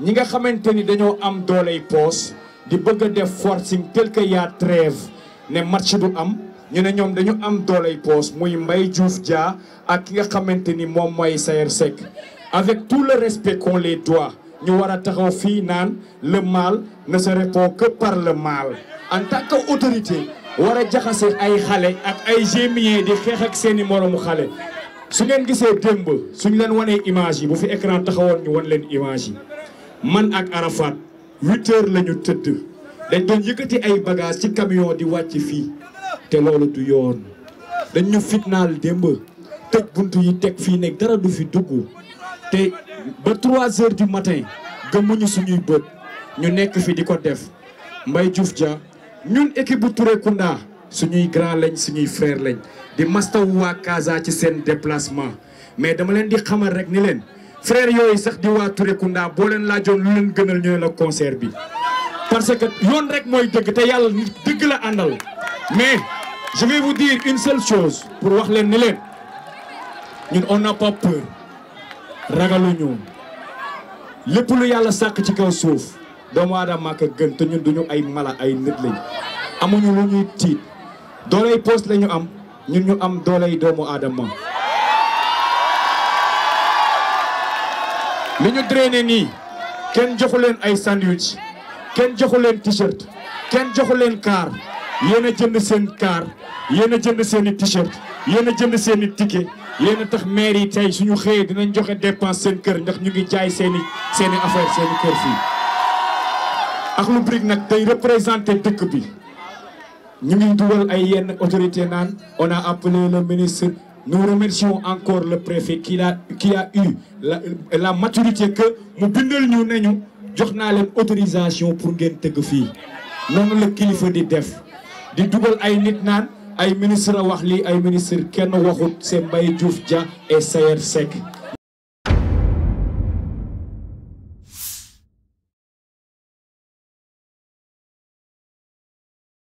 ñi nga xamante ni dañoo am dooley poos di bëgg def forcing tel que yaa trêve ne match du am ñu ne ñoom dañu am dooley poos muy Mbaye Diouf Dia ak ki nga xamante ni moom mooy Sayer Seck avec tout le respect qu'on les doit ñu war a taxaw fii naan le mal na se répond que par le mal en tant que autorité war a jaxase ay xale ak ay gémiens di xeex ak seeni moroomu xale su ngeen gisee démb suñ leen wanee image yi bu fi écran taxawoon ñu wan leen image yi man ak Arafat huit heures la ñu tëdd dañ doon yëkkati ay bagages ci camion di wàcc fii te loolu du yoon dañ ñu fitnaal démb tëj buntu yi teg fii nekk dara du fi dugg te ba trois heures du matin gëmmuñu suñuy bët ñu nekk fii di ko def mbay Diouf Dia ñun équipe bu Touré Kunda suñuy grand lañ suñuy frère lañ di masta waa Casa ci seen déplacement mais dama leen di xamal rek ni leen frère yooyu sax di waa Turekunda boo leen laajoon lu leen gënal ñooy la concert bi parce que yoon rek mooy dëgg te yàlla dëgg la àndal mais je vais vous dire une seule pour wax leen ni leen ñun on n'a pas ragaluñu lépp lu yàlla sàkk ci kaw suuf doomu aadama ak gën te ñun duñu ay mala ay nit lañ amuñu lu ñuy tiit dooley poos la am ñun ñu am dooley doomu aadama li ñu drainé nii kenn joxu leen ay sandwich kenn joxu leen t kenn joxu leen kaar yéen a jënd seen kaar yéen a jënd seen i t-shirt jënd seen i ticket yéen a tax maire yi tey suñu xëyee dinañ joxe dépense seen kër ndax ñu ngi jaay seen i seen i affaire seen i kër fii. nag tey représenté dëkk bi ñu ngi dugal ay yenn autorité naan on a appelé le ministre. Nous remercions encore la préfet qui a, qui a u la, la maturité que jox naa leen autorisation pour nous fii non le kilifa di def di dugal ay nit nan ay ministre wax li ay ministre kenn waxut c'est Mbaye Diouf Dia et Sayer Seck